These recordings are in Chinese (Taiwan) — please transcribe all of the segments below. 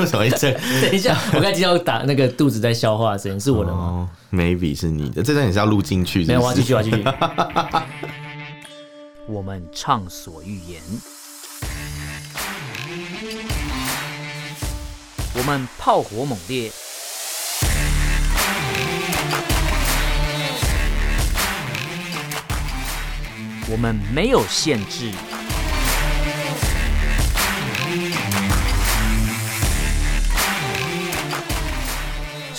等一下， 我剛聽到打那個肚子在消化的聲音，是我的嗎？Oh,Maybe 是你的，這段你是要錄進去是不是？沒有啊，繼續，繼續。 我們暢所欲言 我們炮火猛烈， 我們沒有限制。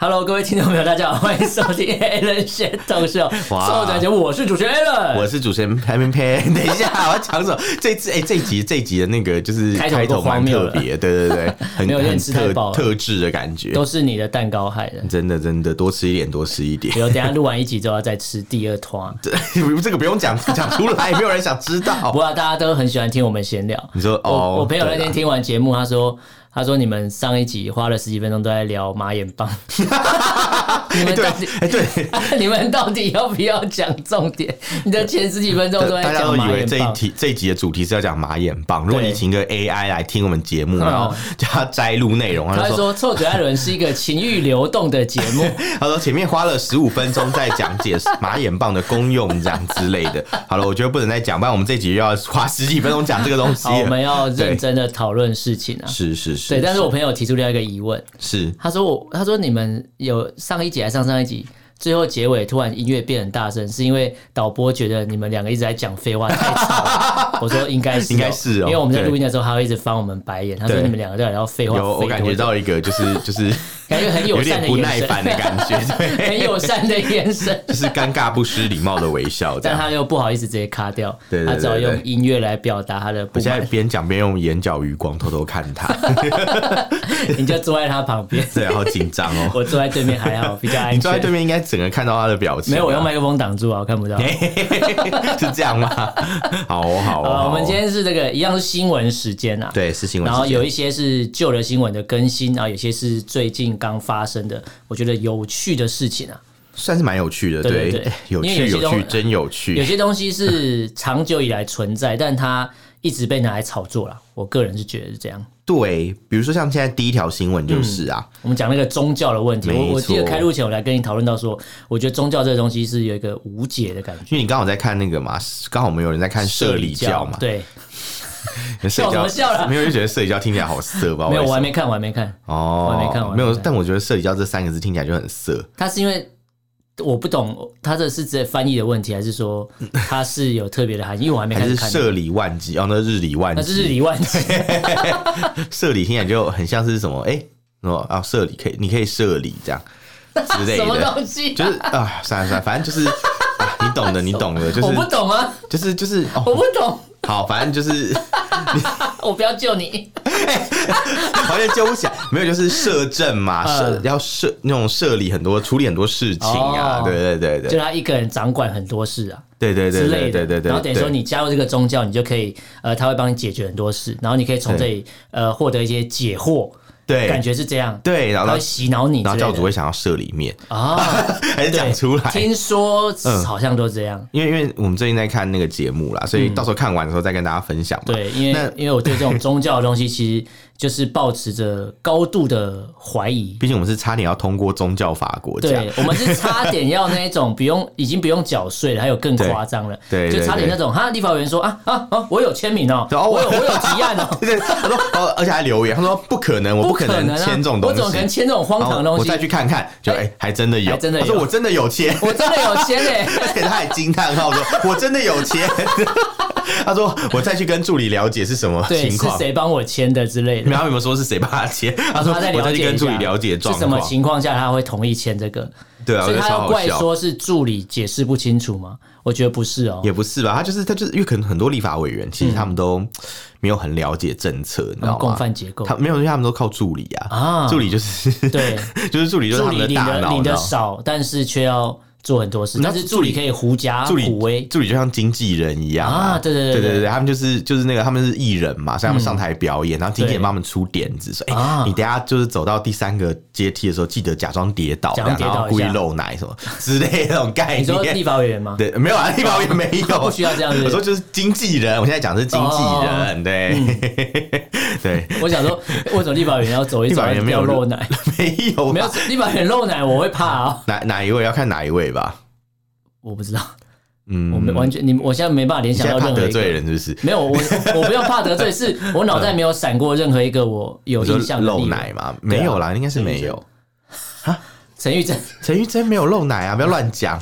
Hello，各位聽眾朋友，大家好，歡迎收聽 Alan 學逗秀 哇，最後講節我是主持人艾倫，n 我是主持人 Pan Pan 等一下， 我要搶走這次誒、欸，這集這集的那個就是開頭蠻特別，對對對，很 有點很特特質的感覺， 都是你的蛋糕害的。真的真的，多吃一點，多吃一點。有，等下錄完一集之後再吃第二團。對，這個不用講，講出來， 沒有人想知道。不過、啊、大家都很喜歡聽我們閒聊。你說，哦、我我朋友那天聽完節目，他說。他說：“你們上一集花了十幾分鐘都在聊馬眼棒。 ”啊、你們到底哎、欸、對、啊對啊，你們到底要不要講重點？你的前十幾分鐘都在講馬眼棒。大家都以為這一題這一集的主題是要講馬眼棒。如果你請個 AI 來聽我們節目，然後叫他摘錄內容，嗯、他說，他還說臭嘴艾倫是一個情欲流動的節目。 他說前面花了十五分鐘在講解馬眼棒的功用，這樣之類的。 好了，我覺得不能再講，不然我們這集又要花十幾分鐘講這個東西。我們要認真的討論事情啊，是，是是是對。但是我朋友提出另外一個疑問，是他說我他說你們有上。上一集還上上一集，最後結尾突然音樂變很大聲，是因為導播覺得你們兩個一直在講廢話太吵了。 我說應該是、喔，應該是哦、喔。因為我們在錄音的時候，他會一直翻我們白眼。他說：“你們兩個在聊廢話。”有，我感覺到一個就是就是感覺很友善的眼神，不耐煩的感覺，對 很友善的眼神， 就是尷尬不失禮貌的微笑。但他又不好意思直接卡掉，對對對對對，他只好用音樂來表達他的不。我現在邊講邊用眼角餘光偷偷看他， 你就坐在他旁邊， 對，好緊張哦。 我坐在對面還好，比較安全。你坐在對面應該整個看到他的表情。沒有，我用麥克風擋住啊，我看不到。 是這樣嗎？好好。啊、哦，我們今天是這個一樣是新聞時間吶、啊，對，是新聞。然後有一些是舊的新聞的更新，然後有些是最近剛發生的，我覺得有趣的事情啊，算是蠻有趣的，對對對，對，有趣，有有趣，有趣，因為有些東西真有趣，有些東西是長久以來存在，但它一直被拿來炒作啦。 我個人是覺得是這樣。對，比如說像現在第一條新聞就是啊，嗯、我們講那個宗教的問題。沒錯。我我記得開錄前我來跟你討論到說，我覺得宗教這個東西是有一個無解的感覺，因為你剛好在看那個嘛，剛好沒有人在看攝理教嘛。攝理教對，攝理教 什麼笑了？沒有，就覺得攝理教聽起來好色吧？沒有，我還沒看完，我還沒看哦，我還沒看完。沒有，但我覺得攝理教這三個字聽起來就很色。它是因為。我不懂，他這是直接翻譯的問題，還是說他是有特別的含義？因為我還沒開始看。設理萬機哦，那日理萬機，那是日理萬機。設裡聽起來就很像是什麼？哎、欸，什麼啊？設裡可以，你可以設理這樣之類的， 東西啊、就是啊，算了算了，反正就是你懂的，你懂的， 就是我不懂啊，就是就是、哦、我不懂。好，反正就是 我不要救你，好像救不起來。沒有，就是攝政嘛，攝、呃、要攝那種設立很多、處理很多事情啊、哦。對對對對，就他一個人掌管很多事啊。對對對對之類的對，對，對對。然後等於說，你加入這個宗教，你就可以呃，他會幫你解決很多事，然後你可以從這裡呃獲得一些解惑。對，感覺是這樣。對，然後洗腦你，然後教主會想要射裡面啊，哦、 還是講出來？聽說好像都這樣，嗯、因為因為我們最近在看那個節目啦，所以到時候看完的時候再跟大家分享吧、嗯。對，因為因為我對這種宗教的東西其實。就是抱持着高度的懷疑，畢竟我們是差點要通過宗教法，國對我們是差點要那種不用，已經不用繳稅了，還有更誇張了，對，對，就差點那種。哈，立法委員說啊啊，啊我有簽名、喔、哦，我有我有提案、喔、對哦，說而且還留言， 他說不可能，我不可能簽這種東西，我怎麼可能簽、啊、這種荒唐的東西？我再去看看，就哎、欸，還真的有，還真的有，我說我真的有簽，我真的有簽哎 而且他還驚嘆，他說 我真的有簽。 他說：“我再去跟助理了解是什麼情況，是誰幫我簽的之類的。”沒有，沒有說是誰幫他簽。 他說：“我再去跟助理了解，是什麼情況下他會同意簽這個？”對啊，所以他要怪說是助理解釋不清楚嗎？我覺得，我覺得不是哦、喔，也不是吧。他就是他就是，因為可能很多立法委員其實他們都沒有很了解政策，然、嗯、後共犯結構，他沒有，因為他們都靠助理啊。啊，助理就是對，就是助理就是他，就助理，理的你的少，但是卻要。做很多事，但是助理可以狐假虎威，助理就像經紀人一樣啊，啊對對對對，對，對他們就是就是那個他們是藝人嘛，所以他們上台表演，嗯、然後經紀人幫他們出點子，說、欸啊，你等下就是走到第三個階梯的時候，記得假裝跌倒，假裝跌倒故意露奶什麼之類的那種概念。欸、你說立保員嗎？對，沒有啊，立保員沒有， 不需要這樣子。我說就是經紀人，我現在講的是經紀人，哦、對、嗯、 對。我想說為什麼立保員要走一走掉露奶？沒有，沒有，、啊、沒有立保員露奶，我會怕啊。哪哪一位要看哪一位。對吧？我不知道，嗯，我們完全你，我現在沒辦法聯想到任何一個得罪人是不是，就是沒有我，我不要怕得罪， 是我腦袋沒有閃過任何一個我有印象露奶嗎？沒有啦，啊、應該是沒有。陳玉珍，陳 玉、玉珍沒有露奶啊，不要亂講。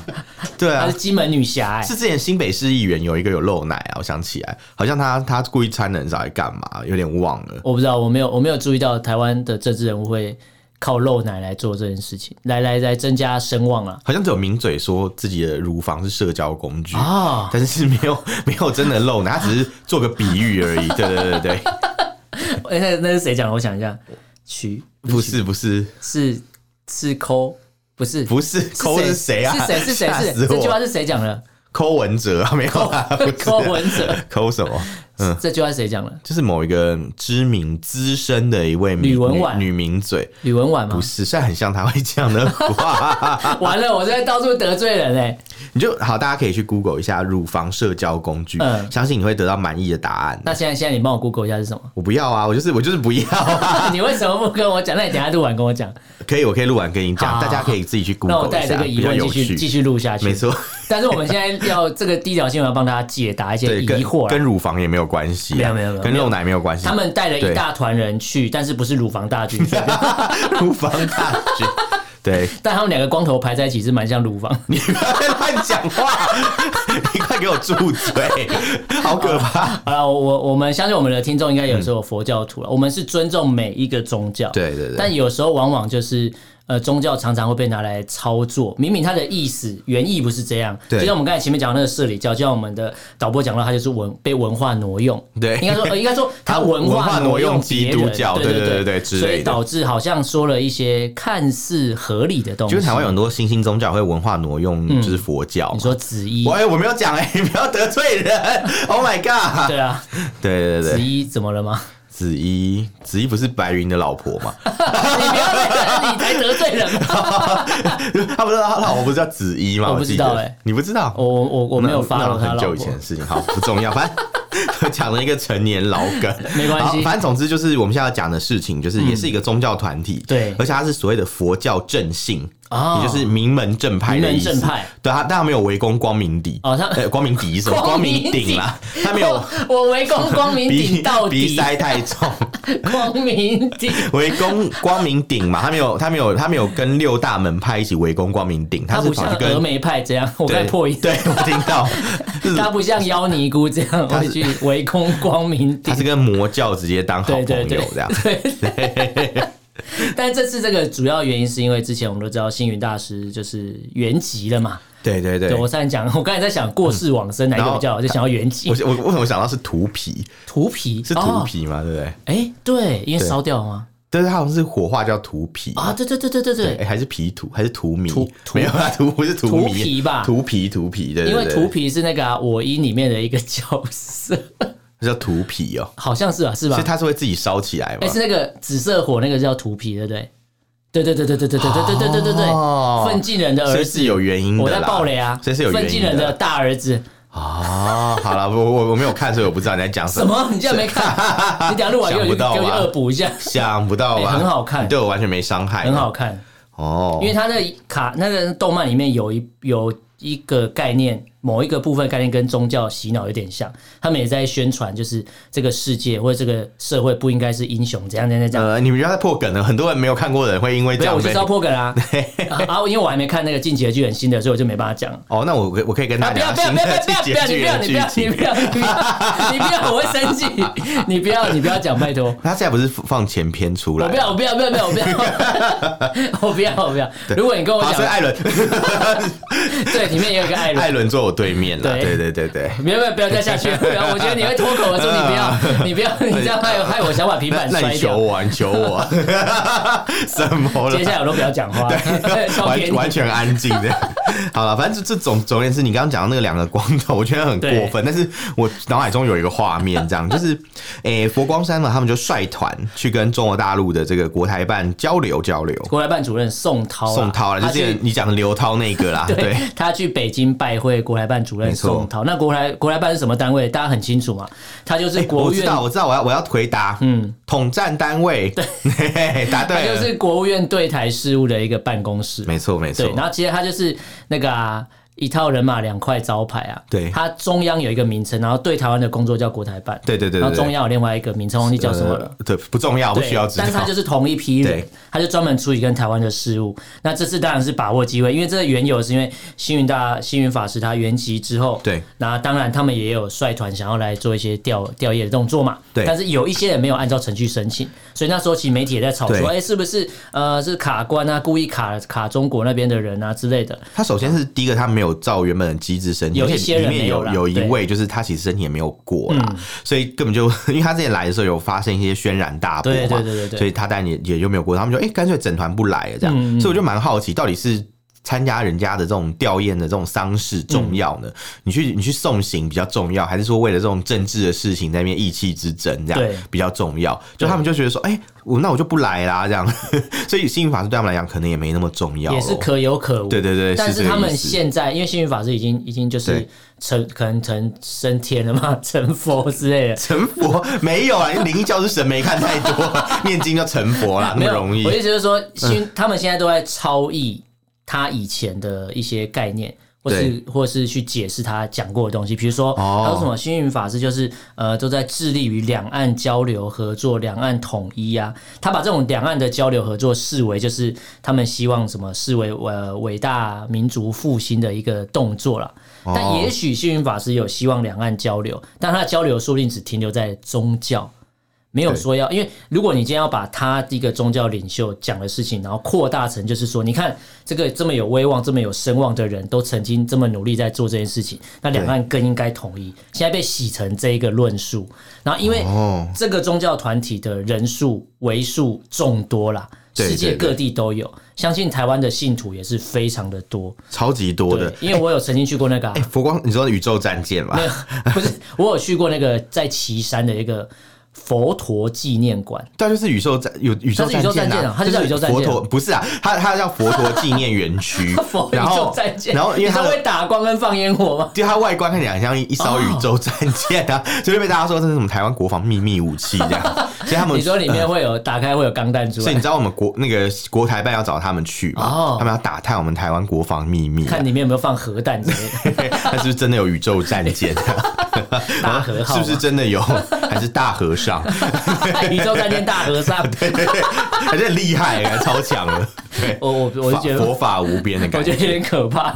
對啊， 她是金門女俠哎、欸，是之前新北市議員有一個有露奶啊，我想起來，好像他他故意穿的很少，還幹嘛？有點忘了，我不知道，我沒有，我沒有注意到台灣的政治人物會。靠露奶來做這件事情，來來來增加聲望啊。好像只有名嘴說自己的乳房是社交工具啊、哦，但是沒有沒有真的露奶，他 只是做個比喻而已。對對對對。哎、欸，那那是誰講的？我想一下，曲不是不是是是摳，不是不是摳是誰啊？是誰是誰是這句話是誰講的？摳 文哲啊，沒有啦，摳文哲摳什麼？嗯，這句話是誰講的？就是某一個知名資深的一位呂文婉女、女名嘴呂文婉嗎？不是，雖然很像，他會這樣的話。 完了，我在到處得罪人嘞。你就好，大家可以去 Google 一下乳房社交工具，嗯，相信你會得到滿意的答案。那現在，現在你幫我 Google 一下是什麼？我不要啊，我就是我就是不要、啊。 你為什麼不跟我講？那你等一下錄完跟我講。 可以，我可以錄完跟你講。大家可以自己去 Google 好好。那我帶着個疑問，繼續繼續錄下去，沒錯。但是我們現在要這個第一條新聞，要幫大家解答一些疑惑、啊、跟、跟乳房也沒有。沒有沒有沒有沒有關係，沒有沒有沒有，跟牛奶沒有關係。他們帶了一大團人去，但是不是乳房大軍 乳房大軍 對，但他們兩個光頭排在一起是蠻像乳房。你不要亂講話 你快給我住嘴！好可怕！好啦好啦我我們相信我們的聽眾應該有時候有佛教徒了、嗯，我們是尊重每一個宗教，對對對。但有時候往往就是。呃，宗教常常會被拿來操作，明明它的意思原意不是這樣。對，就像我們剛才前面講那個攝理教，就像我們的導播講到，他就是文被文化挪用。對，應該說呃，應該說他文、化他文化挪用基督教，督教對對對對、對之類的，所以導致好像說了一些看似合理的東西。就是台灣有很多新興宗教會文化挪用，就是佛教、嗯。你說紫衣？我、欸、我沒有講你、欸、不要得罪人。 Oh my god！對啊，對對對對，紫衣怎麼了嗎？子怡，子怡不是白雲的老婆嗎？ 你不要你才得罪人。 他不是他老婆，不是叫子怡嗎？我不知道哎、欸，我記得，你不知道，我我我沒有發生很久以前的事情，好，不重要，反正。 講 了一個陳年老梗，沒關係。反正總之就是我們現在要講的事情，就是也是一個宗教團體，對，而且他是所謂的佛教正信，也就是名門正派的意思。正派，對他，但他沒有圍攻光明頂哦，他光明頂什麼？光明頂啊，他沒有我圍攻光明頂到底，鼻塞太重。光，光明頂圍攻光明頂嘛，他沒有，他沒有，他，他沒有跟六大門派一起圍攻光明頂，他是像峨眉派這樣，我破一對我聽到，他不像妖尼姑這樣，我去。圍攻光明頂，他是跟魔教直接當好朋友，對對對對，這樣。對 但這次這個主要原因是因為之前我們都知道星雲大師就是圓寂了嘛。對對對，對我講，我剛才講，我剛才在想過世往生哪一我、嗯、就想要圓寂。我我為什麼想到是圖皮？圖皮是圖皮嗎？對、哦、不對？哎、欸，對，因為燒掉了嗎？就是他好像是火化叫土皮啊，對對對對對對，欸、還是皮土還是土米？土沒有啊，土不是土米，土皮吧？土皮土皮，對對，對，因為土皮是那個、啊、我音裡面的一個角色，叫土皮哦，、喔，好像是吧、啊？是吧？所以他是會自己燒起來嘛？哎、欸，是那個紫色火，那個叫土皮對對對對對對對對對對對對對，對，對，對，對、哦，奮進人的兒子是有原因，我在爆雷啊，所以是有原因，奮進人的大兒子。啊、 哦，好了，我我我沒有看，所以我不知道你在講什,什麼。你現在沒看， 你講錄完又、啊、又去惡補一下，想不到吧、啊 欸？很好看，對我完全沒傷害，很好看哦。因為他的卡那個動漫裡面有一有一個概念。某一個部分概念跟宗教洗腦有點像，他們也在宣傳，就是這個世界或者這個社會不應該是英雄怎樣怎樣怎樣。呃，你們就在破梗了，很多人沒有看過的人會因為這樣，我就知道破梗啊。對啊，因為我還沒看那個《進擊的巨人》新的，所以我就沒辦法講。哦，那我我可以跟他講、啊，不要不要不要不要不要你不要你不要你不要，你不要，我會生氣。你不要你不要講，要 要要要拜託。他現在不是放前篇出來、啊？我不要我不要不要不要我不要我不要我不要。如果你跟我講，艾倫 對裡面也有一個艾倫，艾倫做。我的。對面了，對對對對對，不要不要不要再下去了。不然我覺得你會脫口而出，你不要你不要你這樣害害我想把平板摔掉那。那你求我，你求我， 什麼？接下來我都不要講話完，完完全安靜的。好了，反正這這總總點是你剛剛講的那個兩個光頭，我覺得很過分。但是我腦海中有一個畫面，這樣就是，誒、欸，佛光山嘛，他們就率團去跟中國大陸的這個國台辦交流交流。國台辦主任宋濤，宋濤，啊，就是、這個、你講的劉濤那個啦對。對，他去北京拜會過來。辦主任宋濤，那國台國台辦是什麼單位？大家很清楚嘛，他就是國務院、欸我，我知道，我要我要回答，嗯，統戰單位，對， 答對，他就是國務院對台事務的一個辦公室，沒錯沒錯。然後其實他就是那個、啊。一套人馬兩塊招牌啊，對，它中央有一個名稱，然後對台灣的工作叫國台辦，對對，對對對，然後中央有另外一個名稱，忘記叫什麼了、呃，對，不重要，不需要知道。但是他就是同一批人，對，他就專門處理跟台灣的事務。那這次當然是把握機會，因為這個緣由是因為星雲大星雲法師他圓寂之後，對，那當然他們也有率團想要來做一些弔弔唁的動作嘛，對。但是有一些人沒有按照程序申請，所以那時候其實媒體也在炒作，哎，欸、是不是呃是卡關啊，故意卡卡中國那邊的人啊之類的。他首先是第一個，他沒有。有照原本的機制，身體而且裡面有有一位，就是他其實身體也沒有過啦，所以根本就因為他之前來的時候有發生一些軒然大波，嘛，對對對，對，對，對，所以他當然也也就沒有過。他們說，哎、欸，乾脆整團不來了這樣，嗯嗯，所以我就蠻好奇到底是，參加人家的這種弔唁的這種喪事重要呢？嗯、你去你去送行比較重要，還是說為了這種政治的事情在那邊意氣之爭這樣比較重要？就他們就覺得說，哎、欸，我那我就不來啦，這樣。 所以星雲法師對他們來講可能也沒那麼重要，也是可有可無。對對對，但是他們現在因為星雲法師已經已經就是成可能成升天了嘛，成佛之類的？成佛沒有啊，靈 教是神沒看太多，念 經叫成佛啦，那麼容易。我意思就是說，嗯、他們現在都在超意。他以前的一些概念，或是或是去解釋他講過的東西，比如說，還、哦、有什麼？星雲法師就是呃，都在致力於兩岸交流合作、兩岸統一啊。他把這種兩岸的交流合作視為就是他們希望什麼？視為呃偉大民族復興的一個動作啦、哦。但也許星雲法師有希望兩岸交流，但他的交流說不定只停留在宗教。沒有說要，因為如果你今天要把他一個宗教領袖講的事情，然後擴大成就是說，你看這個這麼有威望、這麼有聲望的人都曾經這麼努力在做這件事情，那兩岸更應該統一。現在被洗成這一個論述，然後因為這個宗教團體的人數為數眾多啦，世界各地都有，對對對，相信台灣的信徒也是非常的多，超級多的。對，因為我有曾經去過那個、啊欸欸、佛光，你說的宇宙戰艦嗎？ 不是，我有去過那個在旗山的一個。佛陀紀念館，對，就是宇宙戰有宇宙戰艦啊，啊，它就叫宇宙戰艦、就是。佛陀不是啊，它它叫佛陀紀念園區， 然後，然後因為它會打光跟放煙火嘛，就它外觀看起來很像一、哦、一艘宇宙戰艦啊，就會被大家說這是什麼台灣國防秘密武器這樣，所以他們你說裡面會有、呃、打開會有鋼彈出來。所以你知道我們國那個國台辦要找他們去嗎？哦，他們要打探我們台灣國防秘密、啊，看裡面有沒有放核彈之類的，那 是不是真的有宇宙戰艦、啊？ 大和號、啊、是不是真的有？還是大和？ 宇宙三界大和尚， 對對對，還是很厲害、欸，還超強的。我我我是覺得佛法無邊的感覺，我覺得有點可怕。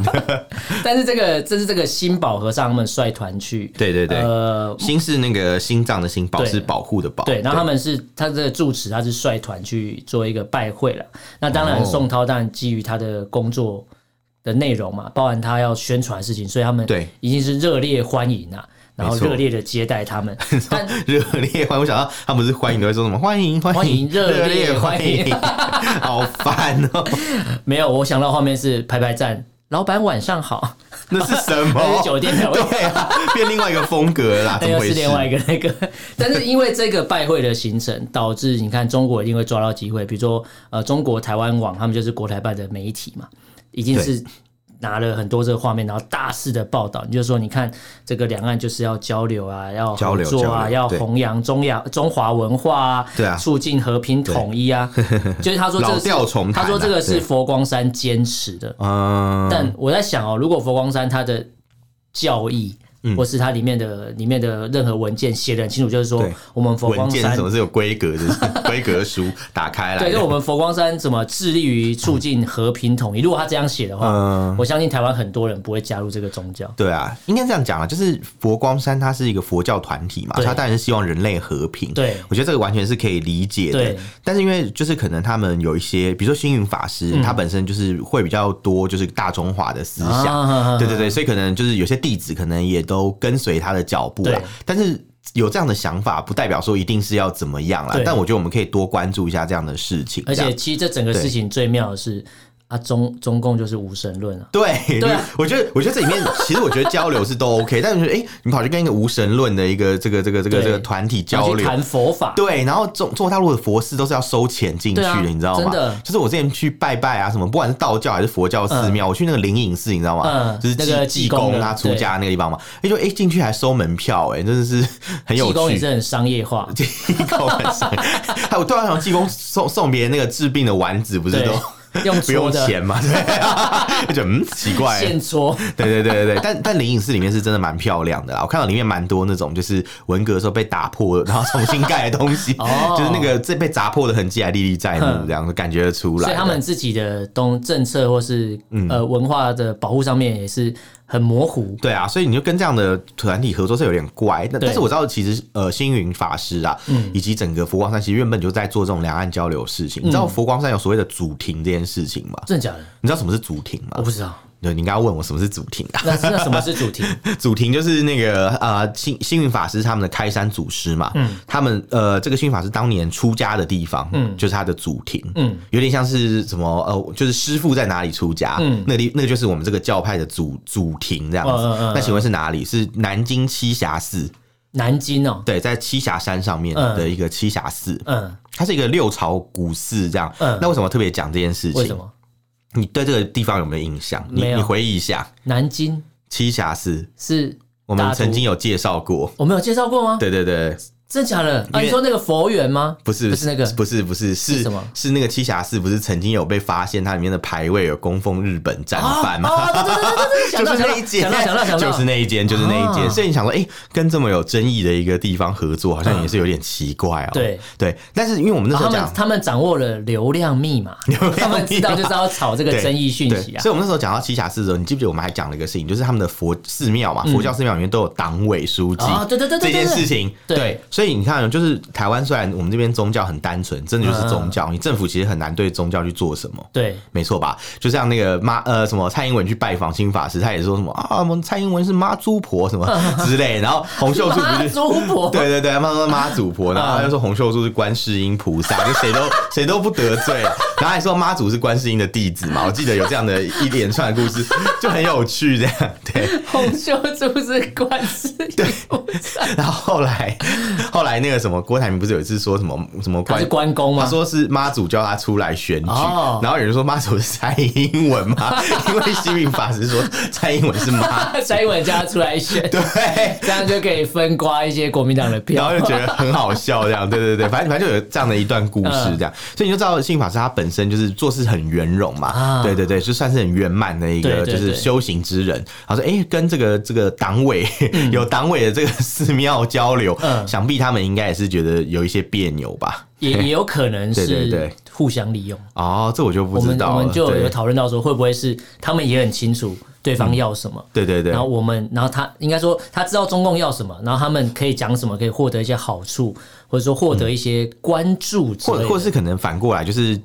但是這個，這是這個新寶和尚他們率團去，對對對。呃，心是那個心臟的“心”，寶是保護的“寶”。對，然後他們是他的住持，他是率團去做一個拜會了。那當然，宋濤當然基於他的工作的內容嘛，包含他要宣傳的事情，所以他們對已經是熱烈歡迎了。然後熱烈的接待他們，熱烈歡迎，我想到他們是歡迎的，會說什麼歡迎歡迎熱烈歡迎，歡迎歡迎歡迎歡迎 好煩哦、喔！沒有，我想到後面是排排站，老闆晚上好，那是什麼？ 酒店。對啊，變另外一個風格了啦， 怎麼是另外一個那個。但是因為這個拜會的行程，導致你看中國一定會抓到機會，比如說呃，中國台灣網他們就是國台辦的媒體嘛，已經是。拿了很多這個畫面，然後大肆的報道，你就是說，你看這個兩岸就是要交流啊，要啊交流啊，要弘揚中亞中華文化啊，對啊，促進和平統一啊。 就是他說，老調重彈，他說這個是佛光山堅持的嗯，但我在想哦，如果佛光山它的教義，嗯、或是它裡面的裡面的任何文件寫得很清楚，就是說我們佛光山怎麼是有規格的？ 規格書打開來了。 對。對，就我們佛光山怎麼致力於促進和平統一，嗯。如果他這樣寫的話，嗯，我相信台灣很多人不會加入這個宗教。對啊，應該這樣講啊，就是佛光山它是一個佛教團體嘛，它當然是希望人類和平。對，我覺得這個完全是可以理解的。對，但是因為就是可能他們有一些，比如說星雲法師，嗯，他本身就是會比較多就是大中華的思想，啊。對對對，所以可能就是有些弟子可能也都跟隨他的腳步。但是。有這樣的想法，不代表說一定是要怎麼樣啦。但我覺得我們可以多關注一下這樣的事情。而且，其實這整個事情最妙的是，啊，中中共就是無神論啊。對，對啊，我覺得，我覺得這裡面 其實我覺得交流是都 OK，但是我覺得，誒、欸，你跑去跟一個無神論的一個這個這個這個這個團體交流，談佛法，對，然後中中國大陸的佛寺都是要收錢進去的。啊，你知道嗎真的？就是我之前去拜拜啊什麼，不管是道教還是佛教寺廟，嗯，我去那個靈隱寺，你知道嗎？嗯、就是那個濟公他出家那個地方嘛，哎、欸，就誒進、欸、去還收門票，欸，誒，真的是很有趣，也是很商業化，濟公 很商業。 還有，我突然想濟公送送別人那個治病的丸子，不是都。用不用錢嘛？對，就嗯，奇怪，現戳， 對對對對但但靈隱寺裡面是真的蠻漂亮的啦，我看到裡面蠻多那種，就是文革的時候被打破，然後重新蓋的東西， 哦、就是那個這被砸破的痕跡還歷歷在目，這樣感覺出來。嗯、所以他們自己的東政策或是呃文化的保護上面也是很模糊，對啊，所以你就跟這樣的團體合作是有點怪。那但是我知道，其實呃，星雲法師啊、嗯，以及整個佛光山其實原本就在做這種兩岸交流事情、嗯。你知道佛光山有所謂的祖庭這件事情嗎？真的假的？你知道什麼是祖庭嗎？我不知道。就你剛剛問我什麼是祖庭啊？那什麼是祖庭？ 祖庭就是那個呃，星星雲法師他們的開山祖師嘛。嗯。他們呃，這個星雲法師當年出家的地方，嗯，就是他的祖庭，嗯，有點像是什麼呃，就是師父在哪裡出家，嗯，那裡那就是我們這個教派的祖祖庭這樣子，哦哦哦。那請問是哪裡？是南京棲霞寺。南京哦，對，在棲霞山上面的一個棲霞寺，嗯，它是一個六朝古寺，這樣。嗯。那為什麼特別講這件事情？為什麼？你對這個地方有沒有印象？沒有，你你回憶一下，南京棲霞寺是，我們曾經有介紹過，我們有介紹過嗎？對對對。真假的、啊、你說那個佛園嗎？不是不是那個不是不是是，是什麼？是那個棲霞寺，不是曾經有被發現它裡面的牌位有供奉日本戰犯嗎、啊啊？對對對 就是那一間，就是那一間、啊，就是那一間、就是。所以你想說，哎、欸，跟這麼有爭議的一個地方合作，好像也是有點奇怪啊、喔嗯。對對，但是因為我們那時候講、啊，他們掌握了流量密碼，他們知道就是要炒這個爭議訊息啊。所以我們那時候講到棲霞寺的時候，你記不記得我們還講了一個事情，就是他們的佛寺廟嘛、嗯，佛教寺廟裡面都有黨委書記、啊、對對對，對,對這件事情，對。對所以你看，就是台灣，雖然我們這邊宗教很單純，真的就是宗教、嗯。你政府其實很難對宗教去做什麼，對，沒錯吧？就像那個媽呃，什麼蔡英文去拜訪新法師，他也說什麼啊，我們蔡英文是媽祖婆什麼之類。然後洪秀柱不是媽祖婆，對對對，媽祖婆，然後又說洪秀柱是觀世音菩薩，就、嗯、誰都誰都不得罪。 然後還說媽祖是觀世音的弟子嘛，我記得有這樣的一連串的故事， 就很有趣這樣。對，洪秀柱是觀世音菩薩。然後後來。後來那個什麼郭台銘不是有一次說什麼什麼關是關公嗎？他說是媽祖叫他出來選舉，哦、然後有人說媽祖是蔡英文嗎？ 因為西敏法師說蔡英文是媽， 蔡英文叫他出來選，對，這樣就可以分刮一些國民黨的票，然後就覺得很好笑這樣，對對對，反正反正就有這樣的一段故事這樣，嗯、所以你就知道西敏法師他本身就是做事很圓融嘛、嗯，對對對，就算是很圓滿的一個就是修行之人，然後說哎、欸，跟這個這個黨委有黨委的這個寺廟交流，嗯、想必。他們應該也是覺得有一些彆扭吧，也也有可能是互相利用，對對對互相利用哦，這我就不知道我。我們就有，有討論到說，會不會是他們也很清楚對方要什麼？嗯、對對對。然後我們，然後他應該說他知道中共要什麼，然後他們可以講什麼，可以獲得一些好處，或者說獲得一些關注、嗯，或或者是可能反過來就是。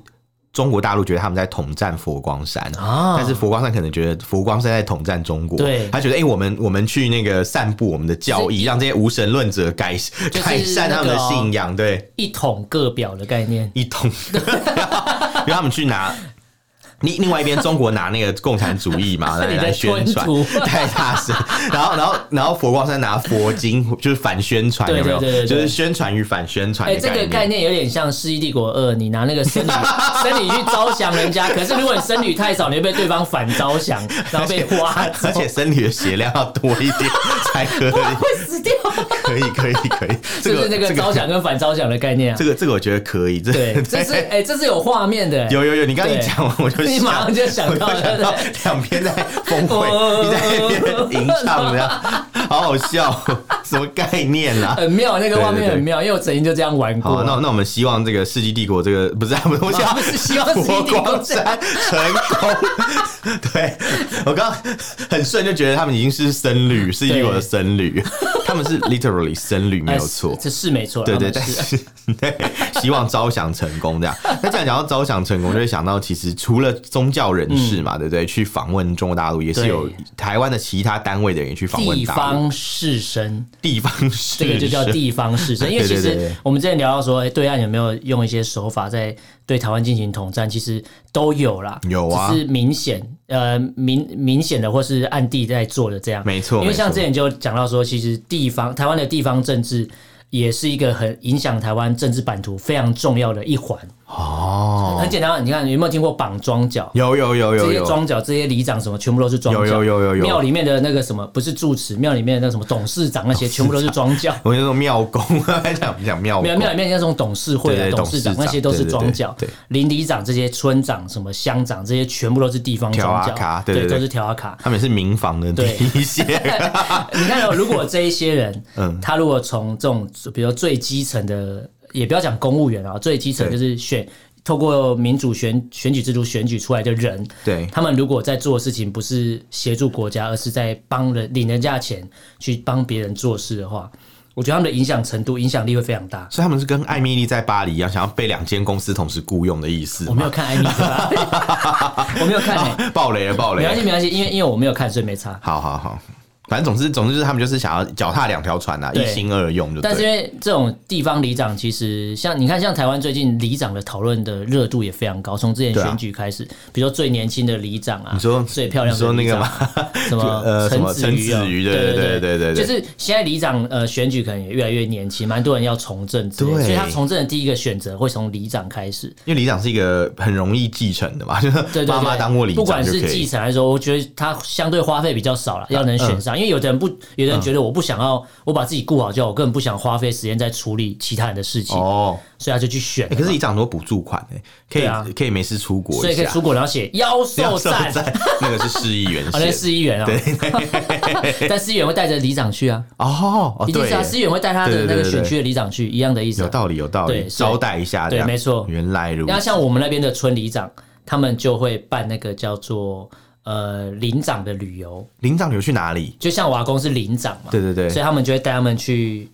中國大陸覺得他們在統戰佛光山啊，但是佛光山可能覺得佛光山在統戰中國。對，他覺得哎、欸，我們我們去那個散布我們的教義，就是，讓這些無神論者改，就是，改善他們的信仰，那個哦。對，一統各表的概念，一統，比如他們去拿。另另外一邊，中國拿那個共產主義嘛那裡來，來宣傳，太大聲。然後然後然後佛光山拿佛經就是反宣傳，有沒有？對對對對對對，就是宣傳與反宣傳。哎、欸，這個概念有點像《世紀帝國二》，你拿那個僧侶僧侶去招降人家，可是如果你僧侶太少，你會被對方反招降，然後被挖。而且僧侶的血量要多一點才可以，會死掉。可以可以可以，可以，這個、就是、那個招降跟反招降的概念、啊，這個這個我覺得可以。這這是哎、欸，這是有畫面的、欸。有有有，你剛剛一講完我就。你馬上就想到就想到兩邊在峰會， 你在那邊吟唱，這樣好好笑。 什麼概念啊？很妙，那個畫面很妙，對對對，因為我曾經就這樣玩過。那那我們希望這個《世紀帝國》這個不是、啊不，是啊啊我啊、不是，不是希望《國佛光山成功。 對我剛剛很順，就覺得他們已經是僧侶，《世紀帝國的生旅》的僧侶，他們是 literally 僧侶，沒有錯、欸，這是沒錯。對對、對，但是、啊、對，是對，希望招降成功這樣。那這樣講到招降成功，就會想到其實除了宗教人士嘛，嗯、對不對，對？去訪問中國大陸也是有台灣的其他單位的人去訪問地方士紳。地方事，這個就叫地方勢力。因為其實我們之前聊到說，哎，對岸有沒有用一些手法在對台灣進行統戰？其實都有啦，有啊，只是明顯，呃，明明顯的或是暗地在做的這樣，沒錯。因為像之前就講到說，其實地方台灣的地方政治也是一個很影響台灣政治版圖非常重要的一環。哦、oh，，很簡單、啊。你看你有沒有聽過綁莊腳？有有有有。這些莊腳這些里長什麼，全部都是莊腳。有有有廟裡面的那個什麼，不是住持？廟裡面的那個什麼董事長那些，全部都是莊腳。我講那種廟公啊，講講廟。廟裡面那種董事會的對對對董事長，董事長對對對那些都是莊腳。對，對，對，對，鄰里長這些、村長、什麼鄉長這些，全部都是地方莊腳。對，都是條阿卡。他們是民房的那對一些。 你看、哦，如果這一些人， 嗯，他如果從這種，比如說最基層的。也不要講公務員啊，最基層就是選透過民主選選舉制度選舉出來的人，對他們如果在做事情不是協助國家，而是在幫人領人家錢去幫別人做事的話，我覺得他們的影響程度、影響力會非常大。所以他們是跟艾蜜莉在巴黎一樣，嗯、想要被兩間公司同時僱用的意思。我沒有看艾蜜莉， 我沒有看、欸哦，爆雷了，爆雷。沒關係，沒關係，因為因為我沒有看，所以沒差。好好好。反正總之，總之就是他們就是想要腳踏兩條船吶、啊，一心二用就。就但是因為這種地方里長，其實像你看，像台灣最近里長的討論的熱度也非常高。從之前選舉開始，啊、比如說最年輕的里長啊，你說最漂亮的，你說那個嘛，什麼呃，什麼陳子瑜、喔，子瑜喔、對、對、對、對、對、對、對、對，就是現在里長呃選舉可能也越來越年輕，蠻多人要從政，對，所以他從政的第一個選擇會從里長開始對對對，因為里長是一個很容易繼承的嘛，就媽媽當過里長，不管是繼承來說，我覺得他相對花費比較少了，要能選上。嗯因為有的人不，有的人覺得我不想要，嗯、我把自己顧好就好，好，我根本不想花費時間再處理其他人的事情哦，所以他就去選、欸。可是里長很多補助款哎、欸，可以啊，可以沒事出國，所以可以出國，然後寫夭壽讚那個是市議員哦，那是、個、市議員啊、喔，對、對、對嘿嘿嘿。 但市議員會帶着里長去啊，哦，一定是啊，對對對對對，是啊，市議員會帶他的那個選區的里長去對對對對對，一樣的意思、啊，有道理，有道理對對，招待一下，對，沒錯。原來如果，要像我們那邊的村里長，他們就會辦那個叫做，呃，里長的旅遊，里長旅遊去哪裡？就像我阿公是里長嘛，對對對，所以他們就會帶他們去。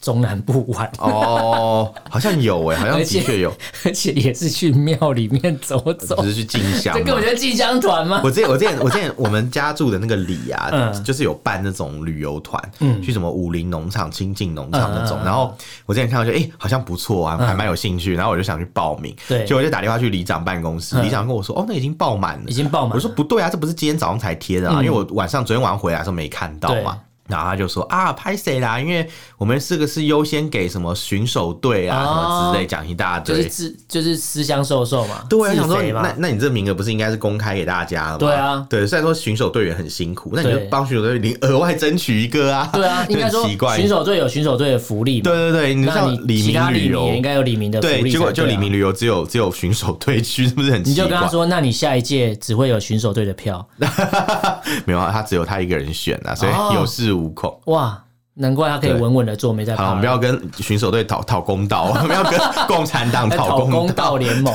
中南部玩哦，好像有哎、欸，好像的確有，而且也是去廟裡面走走，就是去進香，這個我覺得進香團嘛。我之前我之前我之前我們家住的那個里啊、嗯，就是有辦那種旅遊團、嗯，去什麼武陵農場、清境農場那種、嗯。然後我之前看到說哎，好像不錯啊，嗯、還蠻有興趣，然後我就想去報名。對，所以我就打電話去里長辦公室，嗯、里長跟我說，哦，那已經報滿了，已經報滿。我說不對啊，這不是今天早上才貼的啊、嗯，因為我晚上昨天晚上回來的時候沒看到嘛。然後他就說啊，拍誰啦？因為我們四個是優先給什麼巡守隊啊、哦，什麼之類，講一大堆，就是私就是私相授受、受嘛。對、啊，我想你那那你這名額不是應該是公開給大家了嗎？對啊，對，雖然說巡守隊員很辛苦，那你就幫巡守隊員額外爭取一個啊？對啊，應該說巡守隊有巡守隊的福利嘛。對對對，那你里民旅遊也應該有里民的福利對、啊。結果就，就里民旅遊只有只有巡守隊去，是不是很奇怪？你就跟他說那你下一屆只會有巡守隊的票， 沒有，啊，他只有他一個人選啊，所以有事、哦。無恐哇，難怪他可以穩穩的做，沒在，我們要跟巡守隊討討公道，我們要跟共產黨討公道聯盟，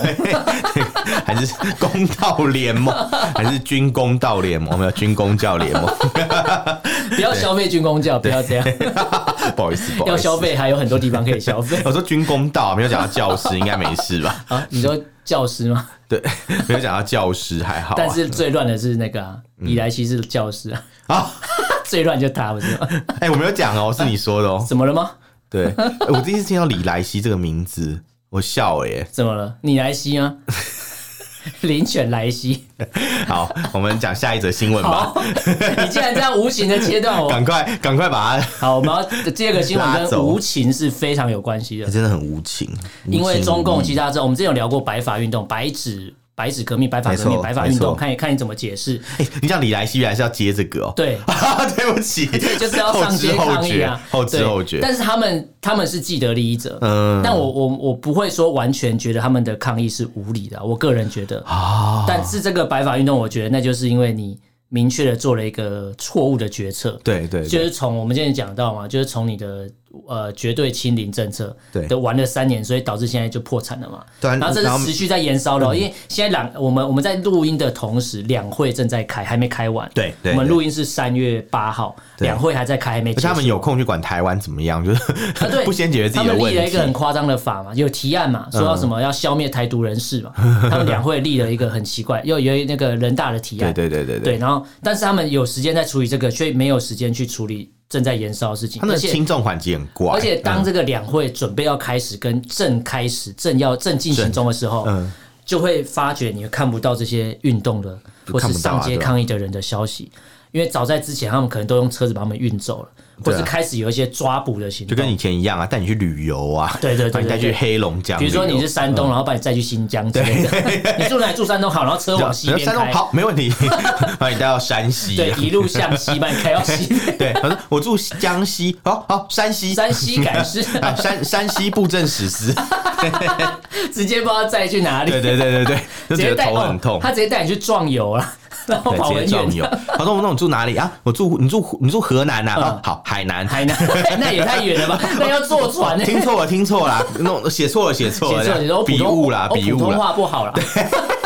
還是公道聯盟，還是軍公道聯盟，我們要軍公教聯盟， 不要消費軍公教，不要這樣， 不好意思，要消費還有很多地方可以消費。 我說軍公道沒有講到教師，應該沒事吧？ 啊，你說教師嗎？對，沒有講到教師還好、啊，但是最亂的是那個李、啊、萊、嗯、西是教師啊，啊，最亂就他不是嗎？哎、欸，我沒有講哦、喔，是你說的哦、喔啊，怎麼了嗎？對，欸、我第一次聽到李萊西這個名字，我笑了耶，怎麼了？李萊西啊。靈犬萊西好，我們講下一則新聞吧。你竟然這樣無情的切斷我、哦，趕 快趕快把它。好，我們要這個新聞跟無情是非常有關係的，真的很無情,無情。因為中共其他政，我們之前有聊過白髮運動、白紙。白紙革命、白髮革命、白髮運動，看你看你怎麼解釋，欸？你像李來西原來是要接這個，喔？對， 對不起，對，就是要上街抗議啊！後知後覺，後知後覺，但是他們他們是既得利益者，嗯，但我我我不會說完全覺得他們的抗議是無理的，我個人覺得，啊、但是這個白髮運動，我覺得那就是因為你明確的做了一個錯誤的決策，對對，對，就是從我們今天講到嘛，就是從你的。呃，絕對清零政策對，都玩了三年，所以導致現在就破產了嘛。然後這是持續在延燒的。因為現在兩我們我們在錄音的同時，兩會正在開，還沒開完。對，對，我們錄音是三月八號，兩會還在開，還沒結束。而且他們有空去管台灣怎麼樣？就是、啊、不先解決自己的問題。他們立了一個很誇張的法嘛，有提案嘛，說到什麼、嗯、要消滅台獨人士嘛。他們兩會立了一個很奇怪，又由於那個人大的提案，對對對對對、對、對。然後，但是他們有時間在處理這個，卻沒有時間去處理。正在燃燒的事情，他境，而且輕重緩急很怪。而且當這個兩會準備要開始，跟正開始、嗯、正要、正進行中的時候、嗯，就會發覺你看不到這些運動的不不或是上街抗議的人的消息，啊、因為早在之前，他們可能都用車子把他們運走了。啊、或是開始有一些抓捕的行動，就跟以前一樣啊，帶你去旅遊啊，對對，對對對，把你帶去黑龍江。比如說你是山東，嗯、然後把你載去新疆之類的。對對對 你住哪裡，住山東好，然後車往西邊開，好，沒問題。 把你帶到山西，對，一路向西，把你開到西。 對，反正我住江西，好、哦、好、哦，山西，山西趕屍，詩、 啊，山山西布政使司哈哈， 直接不知道載去哪裡。對 對對對對，直接得頭很痛，直哦、他直接帶你去撞油了、啊。然後跑得遠，好得我那我住哪裡啊？我住你住你住河南啊、嗯？好，海南，海南 那也太遠了吧？那要坐船、欸。聽錯，了，聽錯了，那種寫錯了，了，了，寫錯，寫錯，你都筆誤啦，我、哦、普通話不好了，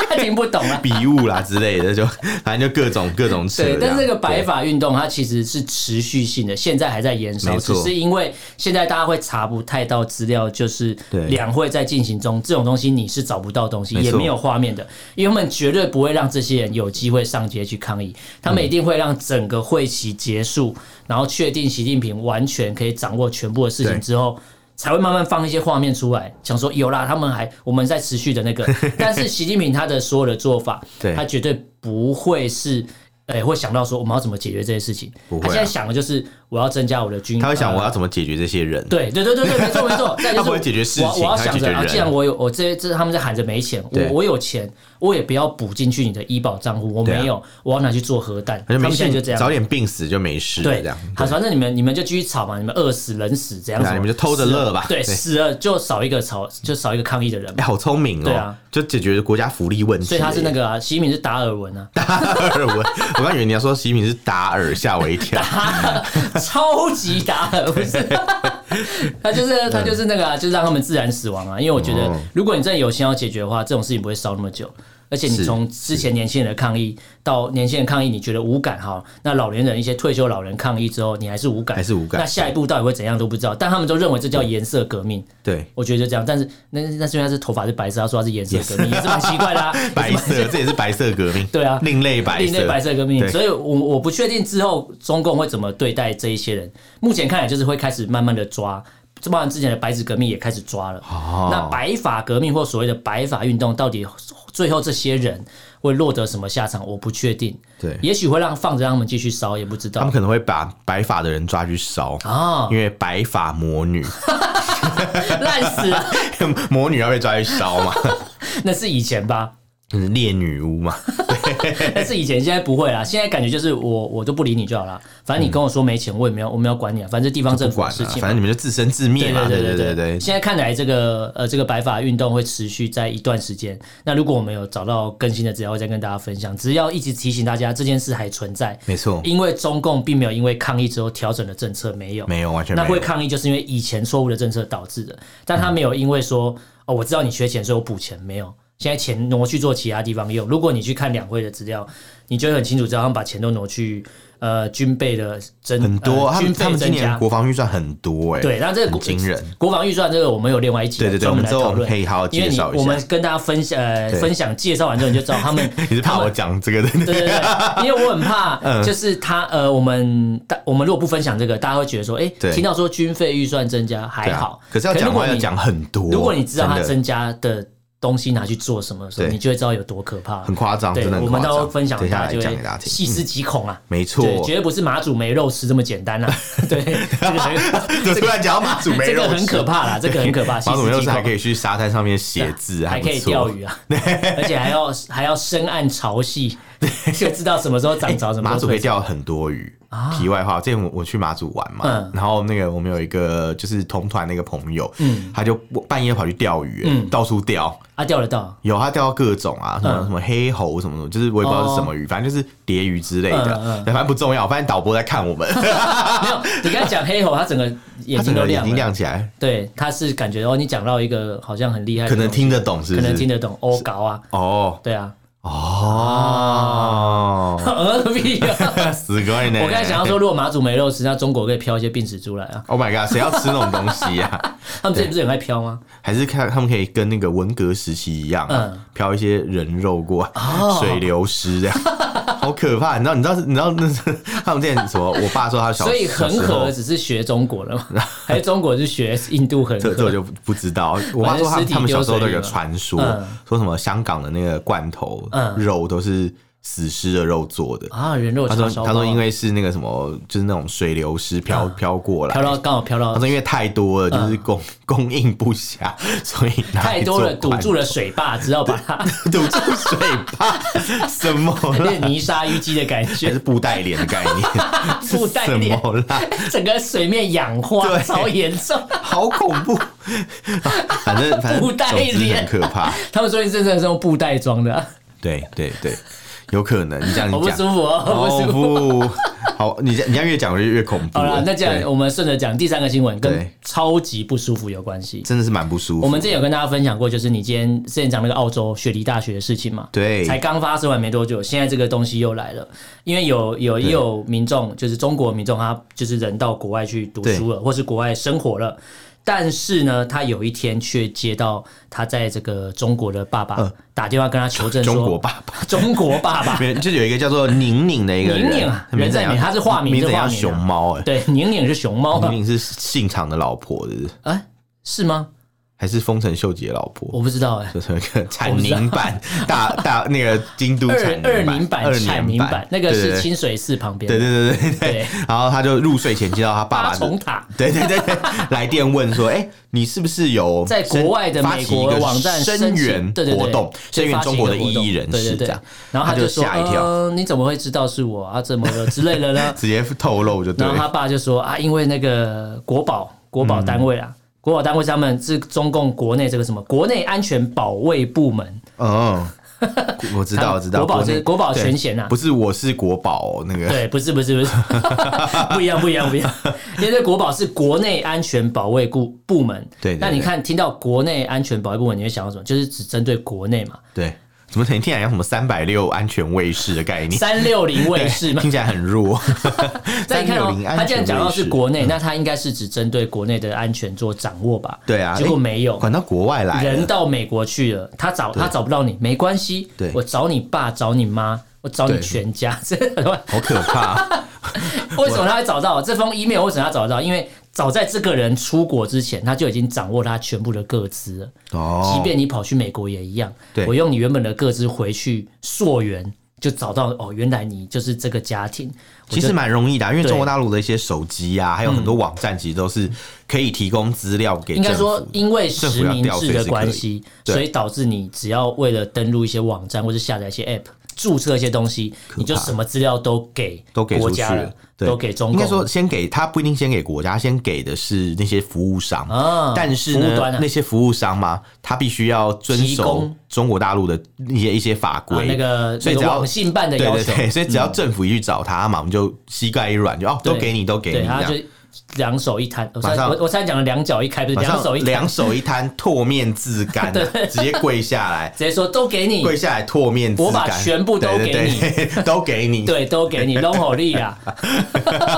他聽不懂了，筆誤啦之類的，就反正就各種各種。對，但這個白髮運動它其實是持續性的，現在還在延燒，只是因為現在大家會查不太到資料，就是兩會在進行中，這種東西你是找不到東西，也沒有畫面的，因為我們絕對不會讓這些人有機會。會上街去抗議，他們一定會讓整個會期結束，嗯、然後確定習近平完全可以掌握全部的事情之後，才會慢慢放一些畫面出來，想說有啦，他們還我們在持續的那個， 但是習近平他的所有的做法，他絕對不會是，哎、欸，會想到說我們要怎麼解決這些事情，啊、他現在想的就是。我要增加我的軍。他會想我要怎麼解決這些人？呃、對對對對對，沒錯沒錯。他不會解決事情，我要想着、啊，既然我有我這這他們在喊着沒錢，我我有錢，我也不要補進去你的醫保賬戶，我沒有、啊，我要拿去做核彈。他們現在就這樣，早點病死就沒事。對這樣，好，反正你們你們就繼續吵嘛，你們餓死冷死這樣、啊？你們就偷着樂吧。對對。對，死了就少一個吵，就少一個抗議的人。哎、欸，好聰明哦！對啊，就解決國家福利問題。所以他是那個啊、習近平是達爾文啊？達爾文？ 我剛以為你要說習近平是達爾，嚇我一跳。 超級大，不是？ 他就是他就是那個啊，就是讓他們自然死亡啊！因為我覺得，如果你真的有心要解決的話，這種事情不會燒那麼久。而且你從之前年輕人的抗議到年輕人抗議，你覺得無感哈？那老年人一些退休老人抗議之後你，你還是無感，那下一步到底會怎樣都不知道？但他們都認為這叫顏色革命。對，我覺得就這樣。但是那那雖然是頭髮是白色，他說他是顏色革命，也是蠻奇怪的啊。白色，這也是白色革命。 對啊，另類白色，另類白色革命。所以我我不確定之後中共會怎麼對待這一些人。目前看來就是會開始慢慢的抓。包括之前的白紙革命也開始抓了，oh. 那白髮革命或所謂的白髮運動，到底最後這些人會落得什麼下場？我不確定，對，也許會讓放着讓他們繼續燒，也不知道，他們可能會把白髮的人抓去燒啊，oh. 因為白髮魔女爛 死了， 魔女要被抓去燒嗎？ 那是以前吧。獵女巫嘛， 但是以前現在不會啦，現在感覺就是我我都不理你就好了，反正你跟我說沒錢，我也沒有我沒有管你啊，反正地方政府是，反正你們就自生自滅嘛，對對對對，對對對對現在看來這個呃這個白髮運動會持續在一段時間，那如果我們有找到更新的資料，會再跟大家分享。只要一直提醒大家這件事還存在，沒錯，因為中共並沒有因為抗議之後調整的政策，沒有沒有完全，那會抗議就是因為以前錯誤的政策導致的，但他沒有因為說哦我知道你缺錢，所以我補錢，沒有。現在錢挪去做其他地方用。如果你去看兩會的資料，你就很清楚，知道他們把錢都挪去呃軍備的增很多，他們、呃、軍費增加他們今年國防預算很多哎、欸，對，那這個驚人國防預算這個我們有另外一集。對對對，對對對，我們之後我們可以好好介紹一下因為，我們跟大家分享呃分享介紹完之後你就知道他們 你是怕我講這個的， 對對對，因為我很怕就是他、嗯、呃我們大我們如果不分享這個，大家會覺得說哎、欸、聽到說軍費預算增加還好，啊、可是要講話要講很多、喔如，如果你知道它增加的。東西拿去做什麼？對，你就會知道有多可怕，很誇張。對真的，我們到時候分享一下，就會講、啊、給大家聽。細思極恐啊，沒錯，絕對不是馬祖沒肉吃這麼簡單啊 對，對，對，突然講馬祖沒肉、這個、很可怕啦，這個很可怕。馬祖沒肉吃還可以去沙灘上面寫字還，還可以釣魚啊，而且還要 還要深諳潮汐。就知道什麼時候漲潮，什、欸、麼馬祖可以釣很多魚啊！題外話，這我我去馬祖玩嘛、嗯，然後那個我們有一個就是同團那個朋友，嗯，他就半夜跑去釣魚，嗯，到處釣啊，釣得到？有，他釣到各種啊，什麼什麼黑猴什麼什麼，嗯、就是我也不知道是什麼魚，哦、反正就是蝶魚之類的、嗯嗯，反正不重要。反正導播在看我們，嗯嗯、 沒有。你剛講黑猴，他整個眼睛都亮，眼睛亮起來，對，他是感覺哦，你講到一個好像很厲害的可能聽得懂，是是，可能聽得懂，哦、是可能聽得懂哦，高啊，哦，對啊。哦，何必啊！死個呢！我剛才想要說，如果馬祖沒肉吃，那中國可以漂一些病死豬來啊 ！Oh my god，誰要吃那種東西啊 他們這不是很愛漂嗎？還是看他們可以跟那個文革時期一樣、啊，嗯，漂一些人肉過、哦，、水流屍這樣。 好可怕，你知道？你知道是？你知道那是他們之前說， 我爸說他小時候，所以恆河只是學中國了嗎？ 還是中國是學印度恆河？這，這我就不知道。我爸說他他們小時候那個傳說、嗯，說什麼香港的那個罐頭肉都是。死屍的肉做的啊，人肉包包，他說他說因為是那個什麼，就是那種水流屍飄飄過來，飄到剛好飄到，他說因為太多了，嗯、就是供供應不下，所以太多了堵住了水壩，只好把它堵住水壩 什麼了？泥沙淤積的感覺，還是布袋蓮的概念？布袋蓮什麼了？整個水面氧化超嚴重，好恐怖。反 正、啊、反正。布袋蓮可怕，他們說你真的是用布袋裝的、啊。對對對。對有可能，你講你講，好不舒服哦，不舒服。 好，你你這樣越講越越恐怖。好了，Alright, 那這樣我們順着講第三個新聞，跟超級不舒服有關係，真的是蠻不舒服。我們之前有跟大家分享過，就是你今天之前講那個澳洲雪梨大學的事情嘛，對，才剛發生完沒多久，現在這個東西又來了，因為有有，有也有民眾，就是中國民眾，他就是人到國外去讀書了，或是國外生活了。但是呢，他有一天卻接到他在這個中國的爸爸、呃、打電話跟他求證說：“中國爸爸，中國爸爸，就是有一個叫做寧寧的一個人啊，名字啊，他是化名，名字好像熊貓、欸。對，寧寧是熊貓、啊，寧寧是信長的老婆是不是？哎、啊，是嗎？”還是豐臣秀吉的老婆，我不知道哎、欸，就是一個產寧坂 大大那個京都產寧坂，二年坂二彩版、版、二年坂那個是清水寺旁邊，對對對對對。然後他就入睡前接到他爸爸的八重塔，對對對，來電問說：“哎、嗯，你是不是有在國外的美國的網站聲援活動，聲援中國的異議人士這樣？”然後他就嚇一跳，你怎麼會知道是我啊？怎麼了之類的呢？ 直接透露就對。然後他爸就說：“啊，因為那個國保國保單位啊。嗯”國保單位上他們是中共國內這個什麼國內安全保衛部門哦，我知道我知道 國寶國寶全險、啊、不是我是國保那個對不是不是不是不一樣不一樣不一樣，一樣一樣 因為國保是國內安全保衛部部門，對,對,對，那你看聽到國內安全保衛部門你會想到什麼？就是只針對國內嘛？對。怎麼聽起來有什麼三百六安全衛士的概念？三六零衛士聽起來很弱。三六零安全衛士，他既然講到是國內、嗯，那他應該是只針對國內的安全做掌握吧？對啊，結果沒有，欸、管到國外來，人到美國去了，他找他找不到你，沒關係，我找你爸，找你媽，我找你全家，對，好可怕！ 為什麼他會找到？這封 email 為什麼他找得到？因為，早在這個人出國之前，他就已經掌握他全部的個資了，哦。即便你跑去美國也一樣。對，我用你原本的個資回去溯源，就找到哦，原來你就是這個家庭。其實蠻容易的，啊，因為中國大陸的一些手機啊，還有很多網站其實都是可以提供資料給。應該說，因為實名制的關係，所以導致你只要為了登錄一些網站或者下載一些 App。註冊一些東西，你就什麼資料都給都給國家了，都給出去了，對都給中國。應該說先給他不一定先給國家，他先給的是那些服務商、哦、但是呢、啊，那些服務商嘛，他必須要遵守中國大陸的一些一些法規、啊。那個所以、那個、網信辦的要求，所以只要對對對、嗯，所以只要政府一去找他嘛，我們就膝蓋一軟，就哦，都給你，都給你這樣。兩手一攤，我上我我剛才講的兩腳一開不是，兩手一兩手一攤，唾面自乾啊，直接跪下來，直接說都給你，跪下來唾面自乾，我把全部都給你，都給你，對，都給你，long hold 力啊，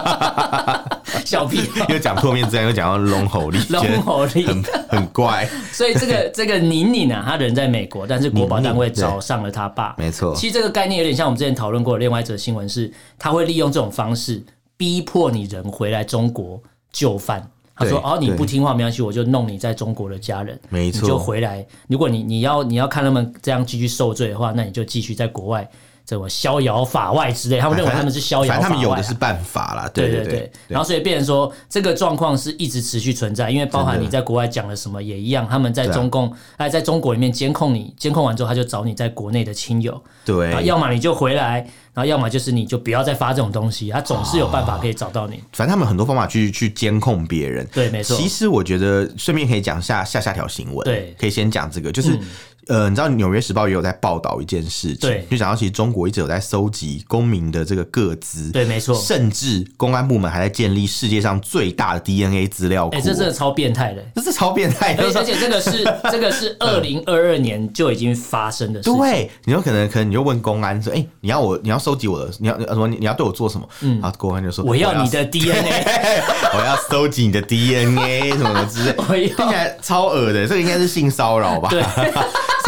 小屁，又講唾面自乾，又講到 long hold 力，long hold 力很，很怪，所以這個這個寧寧啊，他人在美國，但是國保單位找上了他爸，妮妮沒錯，其實這個概念有點像我們之前討論過的另外一則新聞，是他會利用這種方式。逼迫你人回來中國就範，他說：“哦，你不聽話，沒關係，我就弄你在中國的家人。沒錯，你就回來。如果你你要你要看他們這樣繼續受罪的話，那你就繼續在國外。”怎麼逍遙法外之類？他們認為他們是逍遙法外、啊啊，反正他們有的是辦法啦，對對對,對,對,對,對。然後所以變成說，這個狀況是一直持續存在，因為包含你在國外講了什麼也一樣。他們在中共哎，在中國裡面監控你，監控完之後他就找你在國內的親友。對。然後要麼你就回來，然後要麼就是你就不要再發這種東西。他總是有辦法可以找到你。哦、反正他們很多方法去去監控別人。對，沒錯。其實我覺得順便可以講下,下下下條新聞。對，可以先講這個，就是。嗯呃，你知道《紐約時報》也有在報道一件事情，對，就想到其實中國一直有在收集公民的這個個資，對，沒錯，甚至公安部門還在建立世界上最大的 DNA 資料庫，哎、欸，這真的超變態的，這是超變態、欸，而且這個是 這個是二零二二年就已經發生的事。對，你有可能可能你就問公安說，哎、欸，你要我你要收集我的，你要什你要對我做什麼？嗯，啊，公安就說我要你的 DNA，我要收集你的 DNA 什麼之類，我要聽起來超惡的，這個應該是性騷擾吧？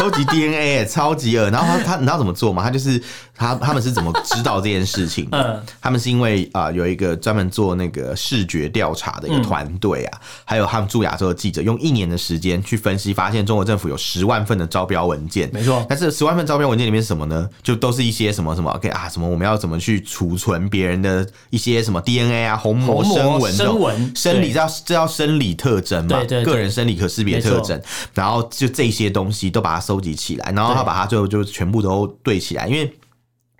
超級 DNA，超級餓。然後他他，你知道怎麼做嗎？他就是。他他們是怎麼知道這件事情？ 嗯，他們是因為啊、呃，有一個專門做那個視覺調查的一個團隊啊，嗯、還有他們駐亞洲的記者，用一年的時間去分析，發現中國政府有十萬份的招標文件，沒錯。但是十萬份招標文件裡面是什麼呢？就都是一些什麼什麼？OK 啊，什麼我們要怎麼去儲存別人的一些什麼 DNA 啊、虹膜聲紋、聲紋生，生理，這叫這叫生理特徵嘛？對，對對，個人生理可識別特徵。然後就這些東西都把它收集起來，然後他把它最後就全部都對起來，因為。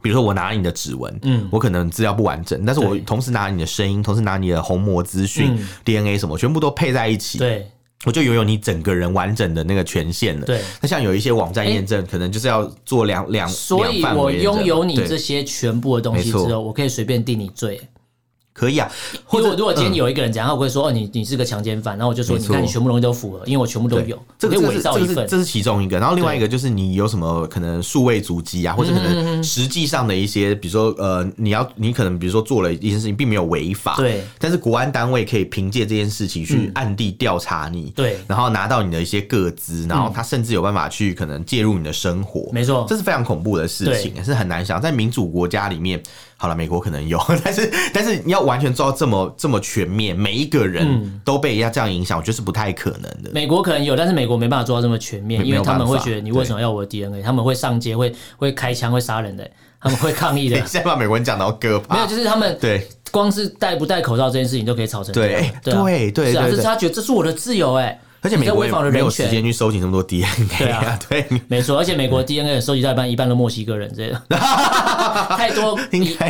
比如說我拿了你的指紋，嗯，我可能資料不完整，但是我同時拿你的聲音，同時拿你的虹膜資訊、DNA 什麼，全部都配在一起，對，我就擁有你整個人完整的那個權限了。對，那像有一些網站驗證、欸，可能就是要做兩兩，所以我擁有你這些全部的東西之後，沒錯，我可以隨便定你罪。可以啊，如果、嗯、如果今天有一個人講，然後我會說，哦，你你是個強姦犯，然後我就說，你看你全部東西都符合，因為我全部都有。這個是這是這是，這是其中一個，然後另外一個就是你有什麼可能數位足跡啊，或者可能實際上的一些，比如說呃，你要你可能比如說做了一些事情並沒有違法，對，但是國安單位可以憑借這件事情去暗地調查你，對，然後拿到你的一些個資，然後他甚至有辦法去可能介入你的生活，沒錯，這是非常恐怖的事情，也是很難想，在民主國家裡面。好了，美國可能有，但是但是你要完全做到這麼這麼全面，每一個人都被人家這樣影響、嗯，我覺得是不太可能的。美國可能有，但是美國沒辦法做到這麼全面，因為他們會覺得你為什麼要我的 DNA，他們會上街會會開槍會殺人的，他們會抗議的。再把美國人講到哥吧，沒有，就是他們對光是戴不戴口罩這件事情都可以吵成對對、啊、對、對、對對對，是啊，就是他覺得這是我的自由哎、欸。而且美國沒有時間去收集那麼多 DNA 啊。對啊，對，沒錯。而且美國 DNA 收集到一半，一半都墨西哥人，這個 太多，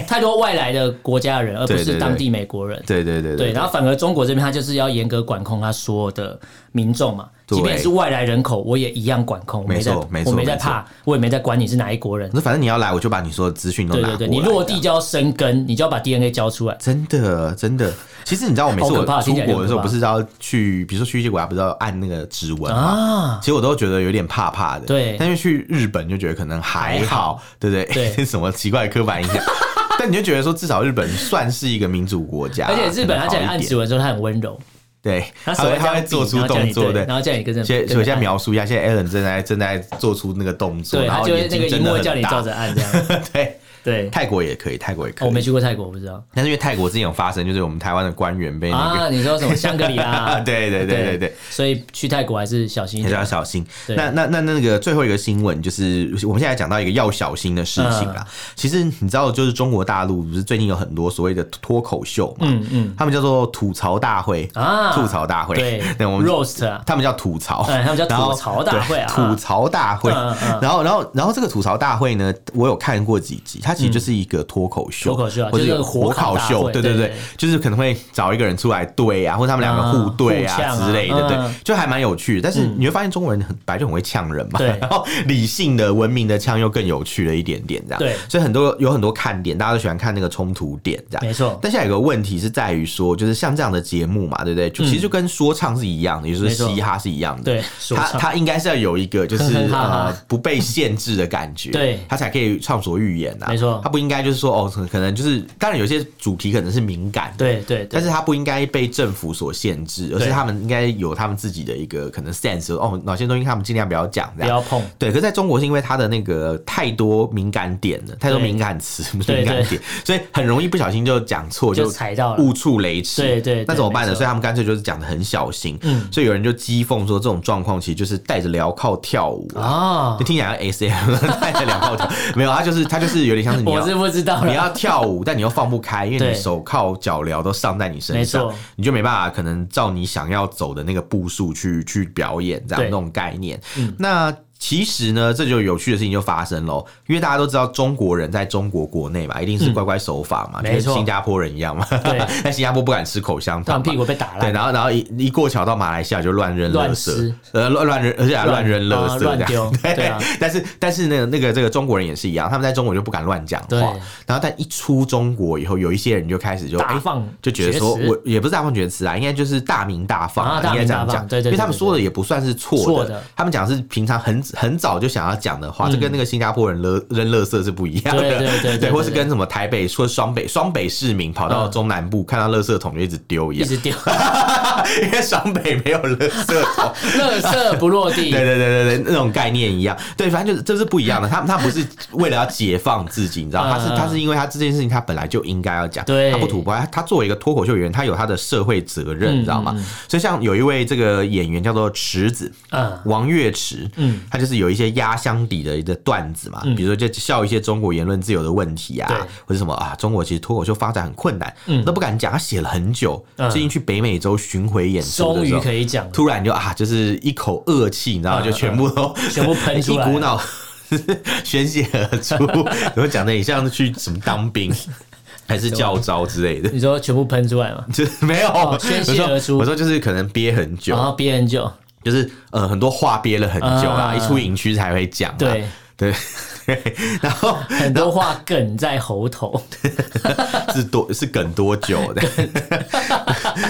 太多外來的國家的人，而不是當地美國人。對對對對,對,對,對,對,對。然後反而中國這邊，他就是要嚴格管控他所有的民眾嘛。即便是外來人口，我也一樣管控。沒錯，沒錯，我沒在怕，我也沒在管你是哪一國人。那反正你要來，我就把你說的資訊都拿過來，對對對。你落地就要生根，你就要把 DNA 交出來。真的，真的。其實你知道，我每次我出國的時候，不是要去，比如說去一些國家，不是要按那個指紋啊，其實我都覺得有點怕怕的。對，但是去日本就覺得可能還好，還好對不對，對？對，什麼奇怪的刻板印象？ 但你就覺得說，至少日本算是一個民主國家，而且日本它在按指紋的時候，它很溫柔。對，他會他會做出動作的，然後叫你，後叫你跟着。所以我現在描述一下，現在 Allen 正在正在做出那個動作，然後眼真的很大，就那個螢幕叫你照着按這樣。 對。對，泰國也可以，泰國也可以。哦、我沒去過泰國，我不知道。但是因為泰國之前有發生，就是我們台灣的官員被那個啊，你說什麼香格里拉？ 對，對對對對對。所以去泰國還是小心，啊，還是要小心。那那那那個最後一個新聞，就是我們現在講到一個要小心的事情啊、嗯。其實你知道，就是中國大陸不是最近有很多所謂的脫口秀嘛？嗯嗯。他們叫做吐槽大會啊，吐槽大會。對，我們 roast，、啊、他們叫吐槽、嗯，他們叫吐槽大會、啊、吐槽大會。啊、然後然後然後這個吐槽大會呢，我有看過幾集。它其實就是一個脫口秀、嗯、脫口秀，或者有火烤秀、就是火烤對對對，對對對，就是可能會找一個人出來對啊，或者他們兩個互對啊、啊、互嗆啊之類的、啊，對，就還蠻有趣的。但是你會發現中國人很、嗯、很白就很會嗆人嘛，然後理性的文明的嗆又更有趣了一點點這樣，對，所以很多有很多看點，大家都喜歡看那個衝突點這樣，沒錯。但現在有個問題是在於說，就是像這樣的節目嘛，對不對，對？就其實就跟說唱是一樣的，嗯、也就是嘻哈是一樣的，對。它它應該是要有一個就是呃、嗯嗯、不、 嗯嗯、不被限制的感覺，對，它才可以暢所欲言吶、啊。他不應該就是說哦，可能就是當然有些主題可能是敏感的，對，對對，但是他不應該被政府所限制，而是他們應該有他們自己的一個可能 sense，哦，哪些東西他們盡量不要講，不要碰，對。可是，在中國是因為他的那個太多敏感點了，太多敏感詞、敏感點，對對對，所以很容易不小心就講錯，就踩到了誤觸雷池，對對，對對。那怎麼辦呢？所以他們乾脆就是講的很小心，嗯，所以有人就譏諷說這種狀況其實就是帶着鐐銬跳舞啊，就聽起來像 ACM 帶着鐐銬跳舞， 沒有他就是他就是有點像。是我是不知道，你要跳舞， 但你又放不開，因為你手銬腳鐐都上在你身上，你就沒辦法，可能照你想要走的那個步數去去表演這樣那種概念。嗯、那。其實呢，這就有趣的事情就發生了，喔，因為大家都知道中國人在中國國內嘛，一定是乖乖守法嘛，跟、嗯，就是、新加坡人一樣嘛。在新加坡不敢吃口香糖，當屁股被打爛。對，然後然後一一過橋到馬來西亞就亂扔垃圾。呃亂亂扔，而且還亂扔垃圾亂丟。對，對啊，但是但是那個那個這個中國人也是一樣，他們在中國就不敢亂講話，然後但一出中國以後，有一些人就開始就大放、欸、就覺得說我也不是大放厥詞啊，應該就是大鳴大、啊啊、大、大放，應該這樣講。對對、對、對、對對，因為他們說的也不算是錯的、的，他們講是平常很。很早就想要講的話，這跟那個新加坡人扔扔垃圾是不一樣的，嗯、對，對，對，對對對，或是跟什麼台北說雙北雙北市民跑到中南部看到垃圾桶就一直丟一樣，一直丟。 因為雙北沒有垃圾桶， 垃圾不落地。 對對對對對，那種概念一樣。對，反正就是這是不一樣的。 他他不是為了要解放自己，你知道，嗯、他是他是因為他這件事情他本來就應該要講。對，他不吐不快。他作為一個脫口秀演員，他有他的社會責任、嗯，你知道嗎？所以像有一位這個演員叫做池子，嗯、王岳池，嗯，他就是有一些壓箱底的一個段子嘛、嗯，比如說就笑一些中國言論自由的問題啊，或者什麼啊，中國其實脫口秀發展很困難，嗯，都不敢講。他寫了很久、嗯，最近去北美洲巡。回演出的時候終於可以講，突然就啊，就是一口惡氣，你知道、嗯、就全部都、嗯嗯、全部噴出來一股腦 宣洩而出。 怎麼講的你像去什麼當兵 還是教招之類的，你說全部噴出來嗎？就沒有、哦、宣泄而出我。我說就是可能憋很久，然、哦、後憋很久，就是呃很多話憋了很久啦、啊啊啊啊啊，一出營區才會講、啊。對對。對。然後很多話梗在喉頭，是多是梗多久的？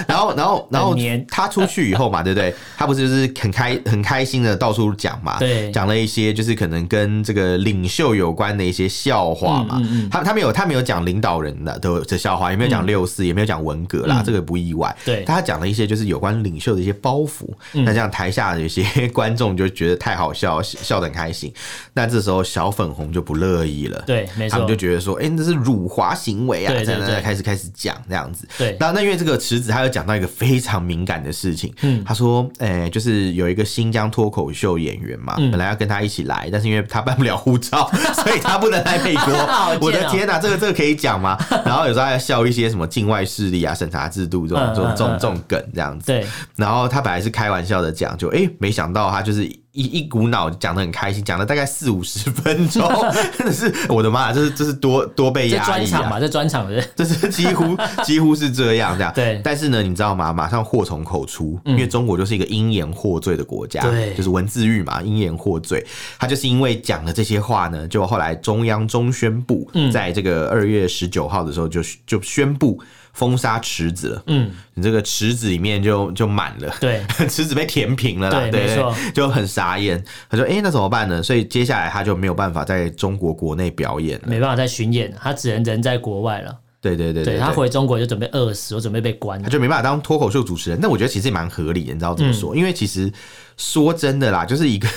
然後然後然後他出去以後嘛，對不對？他不是就是很開很開心的到處講嘛，對。講了一些就是可能跟這個領袖有關的一些笑話嘛。嗯嗯嗯、他他沒有他沒有講領導人的這笑話，也沒有講六四，嗯、也沒有講文革啦，嗯、這個不意外。對，但他講了一些就是有關領袖的一些包袱。嗯、那這樣台下有些觀眾就覺得太好笑，笑得很開心。那這時候小粉紅就不樂意了，對，他們就覺得說，哎、欸，那是辱華行為啊！在對，對，對，對，開始開始講這樣子。對，那那因為這個池子，他又講到一個非常敏感的事情。嗯，他說，哎、欸，就是有一個新疆脫口秀演員嘛、嗯，本來要跟他一起來，但是因為他辦不了護照， 所以他不能來美國、 喔、我的天哪、啊，這個這個可以講嗎？ 然後有時候還笑一些什麼境外勢力啊、審查制度這種這種嗯嗯嗯這種梗這樣子。對，然後他本來是開玩笑的講，就哎、欸，沒想到他就是。一一股腦講的很開心，講了大概四五十分鐘，真 的是我的媽，這是這是多多被壓抑啊！專場嘛，這專場的， 這是幾乎幾乎是這樣這樣。對，但是呢，你知道嗎？馬上禍從口出，因為中國就是一個“因言獲罪”的國家，對、嗯，就是文字獄嘛，“因言獲罪”。他就是因為講了這些話呢，就後來中央中宣部在這個二月十九號的時候就就宣佈。封殺池子，嗯，你這個池子裡面就就滿了，對，池子被填平了啦，對，對，對，對，就很傻眼。他說：“哎、欸，那怎麼辦呢？”所以接下來他就沒有辦法在中國國內表演了，沒辦法再巡演，他只能人在國外了。對對對，對，對，對他回中國就準備餓死，我準備被關，他就沒辦法當脫口秀主持人。那我覺得其實也蠻合理的，你知道怎麼說？嗯、因為其實。說真的啦，就是一個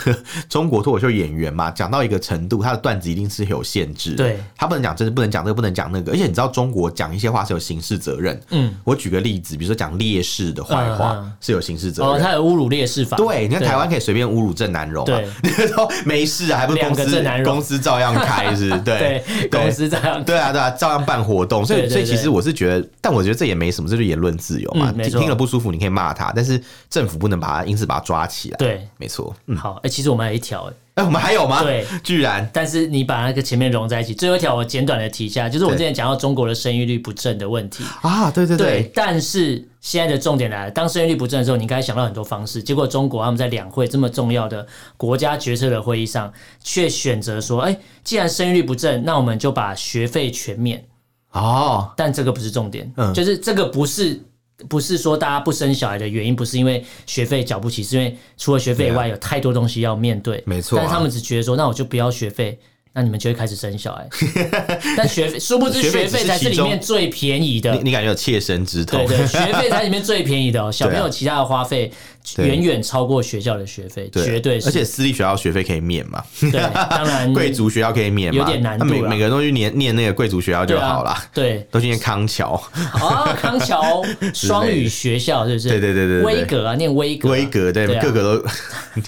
中國脫口秀演員嘛，講到一個程度，他的段子一定是有限制的。對，他不能講，真的不能講這個，不能講那個。而且你知道，中國講一些話是有刑事責任。嗯，我舉個例子，比如說講烈士的壞話，嗯嗯，是有刑事責任。哦，他有侮辱烈士法。對，你看台灣可以隨便侮辱鄭南榕，對，你說沒事啊，還不是公司公司照樣開，是？對，公司照樣，對啊，對啊，照樣辦活動。所 以，所以其實我是覺得，但我覺得這也沒什麼，這是言論自由嘛。嗯、聽了不舒服，你可以罵他、嗯、他，他，但是政府不能把他因此把他抓起來。對，沒錯。嗯，好。哎、欸，其實我們還有一條。哎、欸，我們還有嗎？對，居然。但是你把那個前面融在一起。最後一條我簡短的提一下，就是我之前講到中國的生育率不正的問題啊。對對對，對，對。但是現在的重點來了，當生育率不正的時候，你應該想到很多方式。結果中國他們在兩會這麼重要的國家決策的會議上，卻選擇說：“哎、欸，既然生育率不正，那我們就把學費全免。”哦。但這個不是重點。嗯。就是這個不是。不是說大家不生小孩的原因，不是因為學費繳不起，是因為除了學費以外、啊，有太多東西要面對。沒錯、啊，但是他們只覺得說，那我就不要學費，那你們就會開始生小孩。 但學費，殊不知學費才是裡面最便宜的。你你感覺有切身之痛？對對對，學費才是裡面最便宜的、喔，哦，小朋友其他的花費遠遠超過學校的學費，絕對是，而且私立學校的學費可以免嘛？對，當然，貴 族學校可以免嘛，有點難度。度、啊。每個人都去念念那個貴族學校就好了、啊，對，都去念康橋、哦、啊，康橋雙 語學校是不是？對對對對，威格啊，念威格，威格對，個個都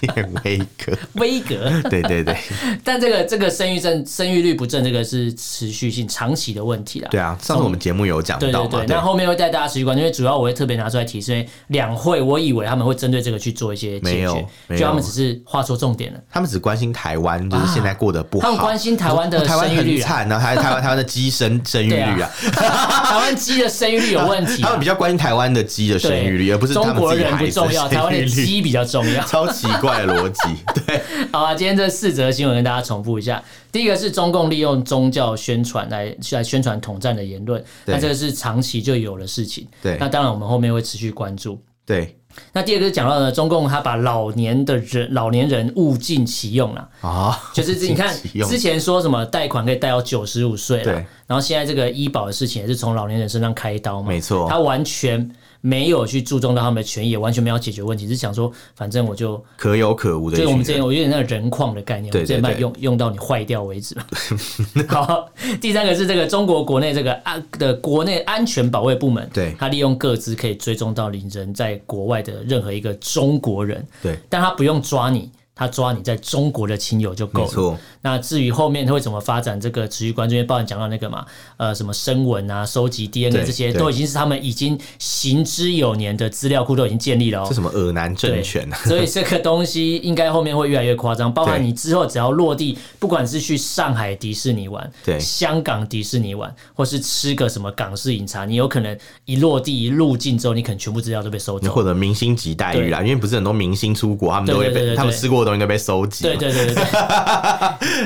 念威格，威格，對對、啊、 威格 對對對對。 但這個這個生育症生育率不正，這個是持續性長期的問題了。對啊，上次我們節目有講，到。對對對對對對，那後面會帶大家持續關注，因為主要我會特別拿出來提，因為兩會，我以為他們會。針對這個去做一些解決，就他們只是畫出重點了。他們只關心台灣、啊，就是現在過得不好。他們關心台灣的生育率，台灣很慘，然後還台灣台灣的雞生生育率啊，哦哦、台灣雞、啊 啊的,啊 啊、的生育率有問題、啊啊。他們比較關心台灣的雞的生育率，而不是中國人不重要，台灣的雞比較重要。 超奇怪的邏輯，對。好啊，今天這四則新聞跟大家重複一下。第一個是中共利用宗教宣傳來來宣傳統戰的言論，那這個是長期就有的事情。對，那當然我們後面會持續關注。對。那第二個講到呢，中共他把老年的人、老年人物盡其用了啊、哦，就是你看之前說什麼貸款可以貸到九十五歲，對，然後現在這個醫保的事情也是從老年人身上開刀嘛，沒錯，他完全。沒有去注重到他們的權益，也完全沒有解決問題，是想說反正我就可有可無的。所以，我們之前我有點像人礦的概念，對對對，用對對對用到你壞掉為止。 好，第三個是這個中國國內這個安、啊、的國內安全保衛部門，對他利用個資可以追蹤到你人在國外的任何一個中國人，對，但他不用抓你，他抓你在中國的親友就夠了沒錯。那至於後面會怎麼發展，這個持續關注。因為包含講到那個嘛，呃，什麼聲紋啊，收集 DNA 這些，都已經是他們已經行之有年的資料庫，都已經建立了哦、喔。這什麼惡男政權。所以這個東西應該後面會越來越誇張。 包含你之後只要落地，不管是去上海迪士尼玩，對，香港迪士尼玩，或是吃個什麼港式飲茶，你有可能一落地一入境之後，你可能全部資料都被收走，或者明星級待遇啦、啊。因為不是很多明星出國，他們都會被對對對對對他們吃過。都應該被收集，對對對對對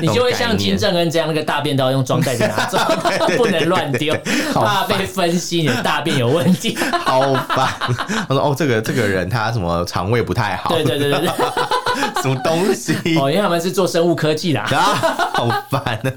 你就會像金正恩這樣，那個大便都要用裝袋子他裝，不能亂丟，怕被分析你的大便有問題。好煩！他說哦，這個這個人他什麼腸胃不太好？對對對對 什麼東西？ 哦，因為他們是做生物科技的。啊， 好煩、啊。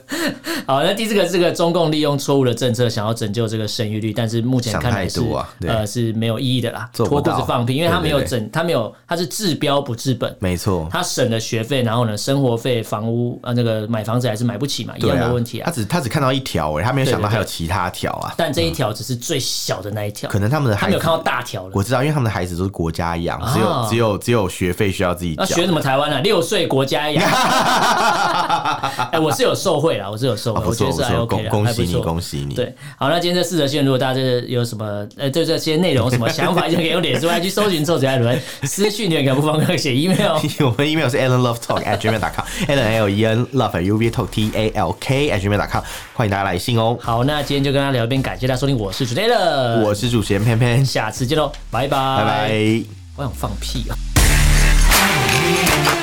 好，那第四個是這個中共利用錯誤的政策想要拯救這個生育率，但是目前看來是想太多、啊、對呃是沒有意義的啦，脫褲子放屁，因為他沒有整對對對，他沒有，他是治標不治本，沒錯，他省了學費，然後呢，生活費、房屋啊那個買房子還是買不起嘛，一樣的問題啊，啊他只他只看到一條、欸，他沒有想到還有其他條啊對對對、嗯，但這一條只是最小的那一條，可能他們的還、嗯、沒有看到大條了，我知道，因為他們的孩子都是國家養，只有、哦、只有只有學費需要自己，那、啊、學什麼台灣啊？六歲國家養，哎、 欸，我是有受惠啦，我是有受惠。哦、不錯，我說，恭喜你，恭喜你。對，好，那今天這四則新聞，如果大家就是有什麼，呃，對這些內容有什麼想法就，就可以用臉書來去搜尋作者艾倫，私訊你也可以，不妨可以寫 email。 我們 email 是 a l l e n l o v e t a l k g m a i l c o m a l l e n l e n love u v talk t a l k@gmail.com，歡迎大家來信哦。好，那今天就跟大家聊一遍。感謝大家收聽，我是主 t a 我是主持人潘潘，下次見嘍，拜拜拜拜。我想放屁、哦、啊。